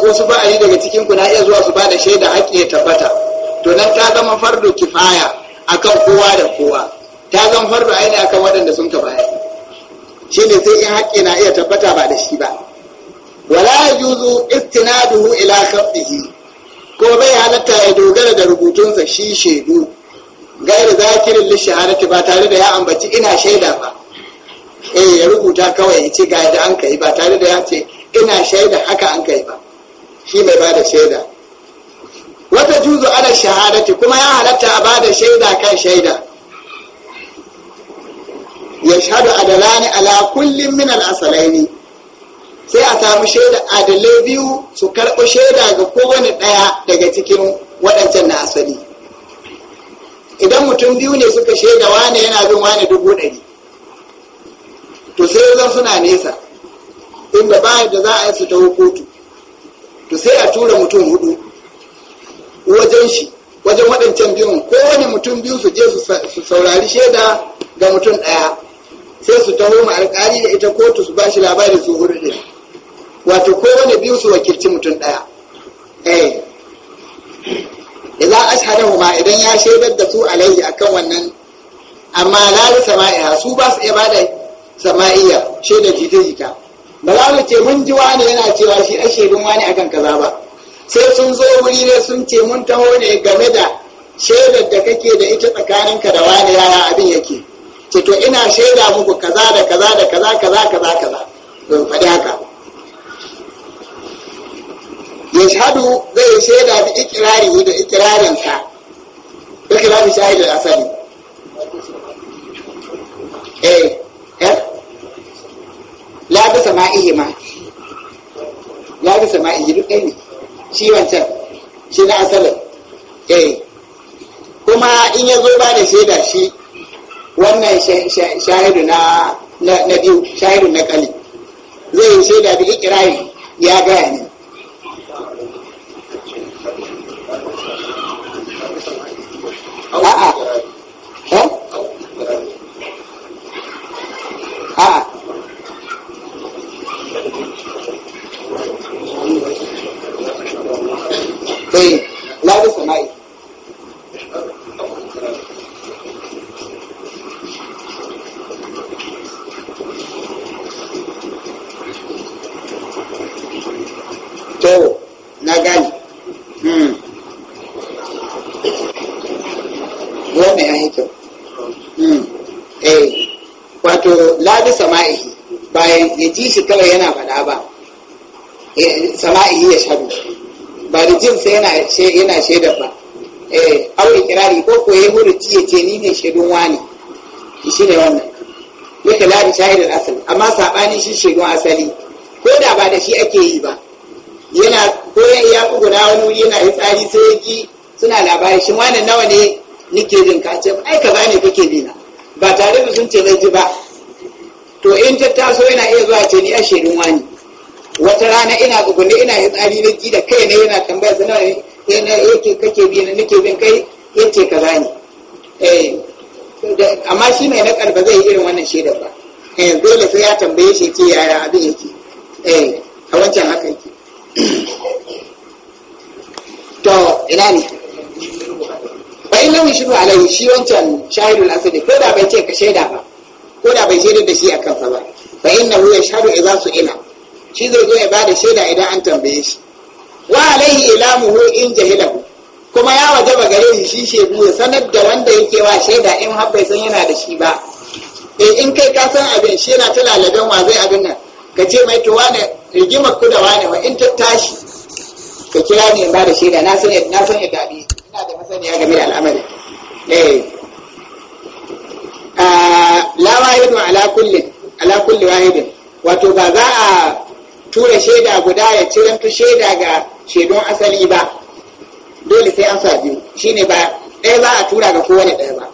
wasu ba a yi daga cikin ku na iya zuwa su ba da shaida haƙƙi ya tabbata to nan ta zama fardu kifaya akan kowa da kowa ta zama fardu aini akan waɗanda sun ka bayani shine sai in haƙƙi na iya tabbata ba da shi ba wala yuzu istinaduhu ila khabdihi ko bai halatta ya dogara da rubutunsa shi shaidu ki zakirin lishahadati ba tare da ya ambaci ina shaida ba eh ya rubuta kawai ya ce ga yadda an kai ba tare da ya ce ina shaida haka an kai ba shi bai bada shaida wata juzu ala shahadati kuma ya halatta a bada shaida kan shaida يشهد عدلان على كل من min al'asalaini sai a samu shaida adalai biyu su karɓi shaida ga kowane ɗaya daga cikin waɗancan na asali idan mutum biyu ne suka shaida wane yana bin wane dubu ɗari to sai zan suna nesa inda ba da za a yi su ta hukutu, to sai a tura mutum hudu wajen shi wajen waɗancan biyun kowane mutum biyu su je su saurari shaida ga mutum ɗaya sai su taho ma alƙali da ita kotu su bashi labarin su hudu din wato ko wani biyu su wakilci mutum ɗaya eh idan ashhadahu ma idan ya shaidar da su alaihi akan wannan amma la sama'iha su ba su iya bada sama'iya shaidar jita jita ba mu ce mun ji wani yana cewa shi a shaidun wani akan kaza ba sai sun zo wuri ne sun ce mun taho ne game da shaidar da kake da ita tsakaninka da wani yaya abin yake ce to ina shaida muku kaza da kaza da kaza kaza kaza kaza don faɗi haka Ya yashhadu zai shaida da ikirari da ikirarinsa shaida da asali eh eh la bi sama'ihi ma la bi sama'ihi duk ɗaya ne shi wancan shi na asalin eh kuma in ya zo ba da shaida shi wannan shahidu na na biyu shahidu na kali zai yi shaida bi ikirari ya gaya ne a'a a'a eh la da sana'i ce kawai yana faɗa ba eh, sama'i ya shaɗu ba da sai yana shaidar ba eh, aure kirari ko ko ya huruci ya ce ni ne shaidun wani shi ne wannan yake lari shahidar asali amma saɓani shi shaidun asali ko da ba da shi ake yi ba yana ko ya kuguna wani wuri yana yi tsari sai ya ji suna labari shi wani nawa ne nike jin ka ce ai ka ne kake bina ba tare da sun ce zai ji ba to in ta taso yana iya zuwa ce ni a shirin wani wata rana ina tsugunne ina tsari na ji da kai ne yana tambaya sana yana yake kake bi na nake bin kai yace ka zani eh, amma shi mai na karba zai yi irin wannan shaidar ba eh, dole sai ya tambaye shi ce yaya abin yake eh, a wancan haka yake to ina ne bayan nan shi alaihi shi wancan shahidul asadi ko da bai ce ka shaida ba ko da bai shaidar da shi a kansa ba fa innahu yashhadu idza ina. shi zai zo ya bada shaida idan an tambaye shi wa alaihi ilamuhu in jahilahu kuma ya wajaba gare shi shi shaidu ya sanar da wanda yake wa shaida in har san yana da shi ba eh in kai ka san abin shi yana ta lalaben wa zai abin nan ka ce mai to wane rigimar ku da wane wa in ta tashi ka kira ni in ba da shaida na san yadda na ina da masaniya game da al'amari eh. la wahidun ala kullin ala kulli wahidin wato ba za a tura shaida guda ya ta shaida ga shaidun asali ba dole sai an sa biyu shine ba ɗaya za a tura ga kowane ɗaya ba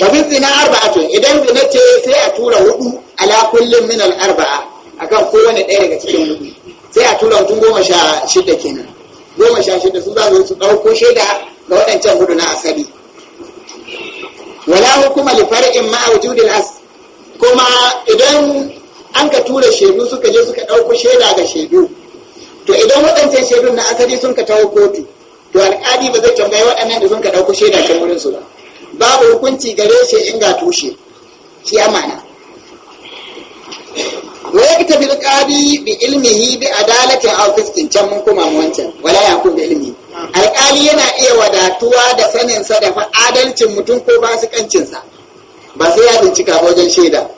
wa bin zina to, idan zina ce sai a tura hudu ala kullin min arba'a akan kowane ɗaya daga cikin hudu sai a tura mutum goma sha shida kenan goma sha shida su za su ɗauko shaida ga waɗancan hudu na asali wala hukuma li far'in ma wujudil as kuma idan an ka tura shaidu suka je suka ɗauko shaida ga shaidu to idan waɗancan shaidun na asali sun ka tawo kotu to alƙali ba zai tambaye waɗannan da sun ka ɗauko shaida can wurin su ba babu hukunci gare shi in ga tushe shi amana wa yaktabi al qadi bi ilmihi bi adalati aw fiskin can mun wancan wala yakun bi ilmihi alƙali yana iya wadatuwa da saninsa da adalcin mutum ko fasikancinsa ba sai ya bincika wajen shaida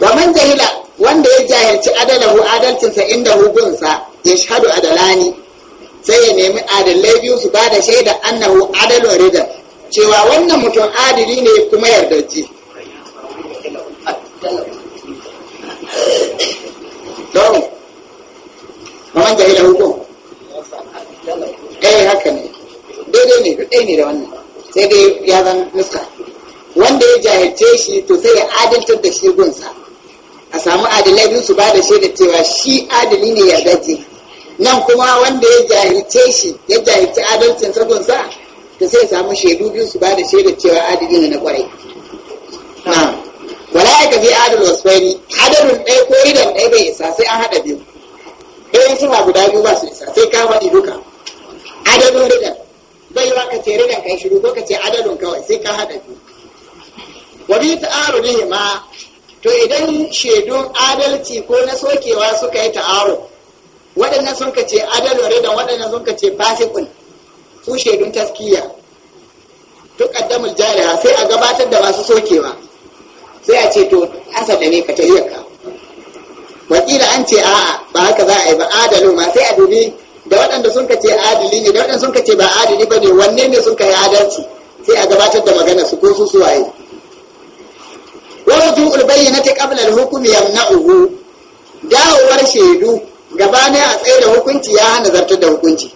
wa man jahila wanda ya jahilci adalahu adalcinsa inda hukunsa ya shahadu adalani sai ya nemi adalai biyu su bada shaida annahu adalun rida cewa wannan mutum adili ne kuma yardarci don man jahila hukum eh haka ne daidai ne duk ne da wannan sai dai ya zan nuska wanda ya jahilce shi to sai ya adaltar da shi gunsa a samu adalai biyu su ba da shaida cewa shi adali ne ya dace nan kuma wanda ya jahilce shi ya jahilci adalcin sabonsa to sai ya samu shaidu biyu su ba da shaida cewa adali ne na kwarai wala ya kafi adal wasu adalun ɗaya ko idan ɗaya bai isa sai an haɗa biyu Ɗaya eh, suna guda biyu ba su isa sai ka faɗi duka adadin Rida, bai yiwa ka ce ridan kai shiru ko ka ce adadin kawai sai ka haɗa biyu wa bi ta'arudihi ma to idan shaidun adalci ko na sokewa suka yi ta'aru, waɗannan sun ka ce adalin Rida, waɗannan sun ka ce fasikun su shaidun taskiya to kaddamul jariha sai a gabatar da masu sokewa sai a ce to asa da ne ka tayyaka wakila an ce a'a ba haka za a yi ba adalu ma sai a dubi da waɗanda sun ka ce adali ne da waɗanda sun ka ce ba adali ba ne wanne ne sun ka yi adalci sai a gabatar da magana su ko su suwaye wani ulbayi na ta kablar hukumi uhu dawowar shaidu gabana a tsaye da hukunci ya hana zartar da hukunci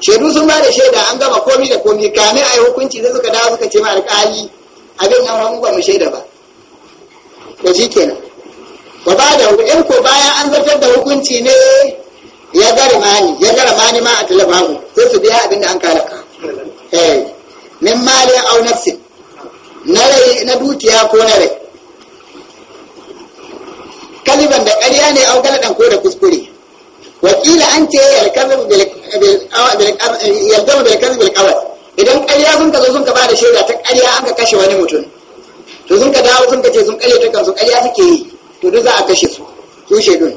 shaidu sun ba da shaida an gama komi da komi kame a yi hukunci sai suka dawo suka ce ma alƙali abin nan ba mu shaida ba da shi kenan wa ba da in ko bayan an zartar da hukunci ne ya gari mani ya gari mani ma a ku sai su biya abinda an ka eh min mali au nafsi na rai na dukiya ko na rai kaliban da ƙarya ne au galadan ko da kuskure wakila an ce yalkamu bil qawat idan ƙarya sun ka zo sun ka ba da shaida ta ƙarya an ka kashe wani mutum to sun ka dawo sun ka ce sun ƙarya ta su ƙarya suke yi to duk za a kashe su tushe shaidun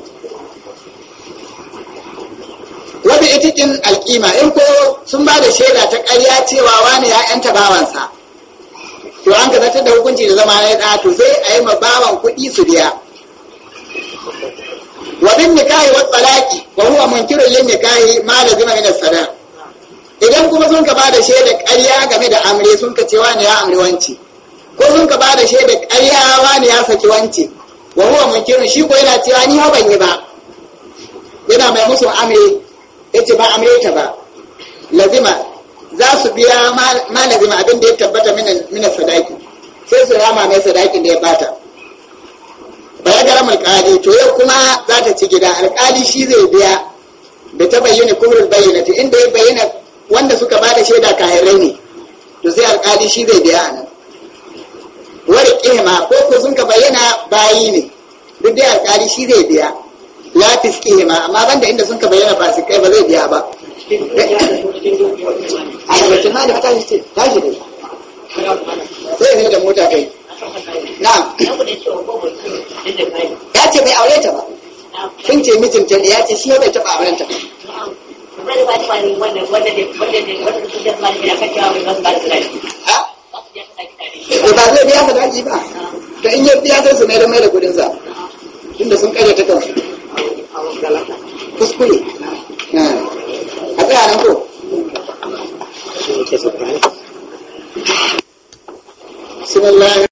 wadda ita kin alkima in ko sun ba da shaida ta ƙarya cewa wani ya yanta bawansa to an ga zata da hukunci da zama ya da to sai a yi ma bawan kuɗi su biya wabin nikahi wa talaki wa huwa munkirun yin nikahi ma lazima min as-sadaq idan kuma sun ka ba da shaida ƙarya game da amre sun ka ce wani ya amri wanci ko sun ka ba da shaida ƙarya wani ya saki wanci wa huwa munkirun shi ko yana cewa ni ma ban yi ba yana mai musu amri yace ba amri ta ba lazima za su biya ma lazima abin da ya tabbata mina sadaki sai su rama mai sadakin da ya bata ba ya gara to yau kuma za ta ci gida alƙali shi zai biya da ta bayyana kumrul bayyana inda ya bayyana wanda suka ba da shaida kayarai ne to sai alƙali shi zai biya a nan wani ƙihima ko ko sun ka bayyana bayi ne duk dai alƙali shi zai biya la fiskihima amma banda inda sun ka bayyana kai ba zai biya ba kai ya ce bai aure ta ba sun ce mijinta ne ya ce shi bai taɓa auren ba Eh, ba zai biya sadaki ba ta in yi biya su mai da mai da kudin sun kare ta kansu kuskure a tsaya nan ko بسم الله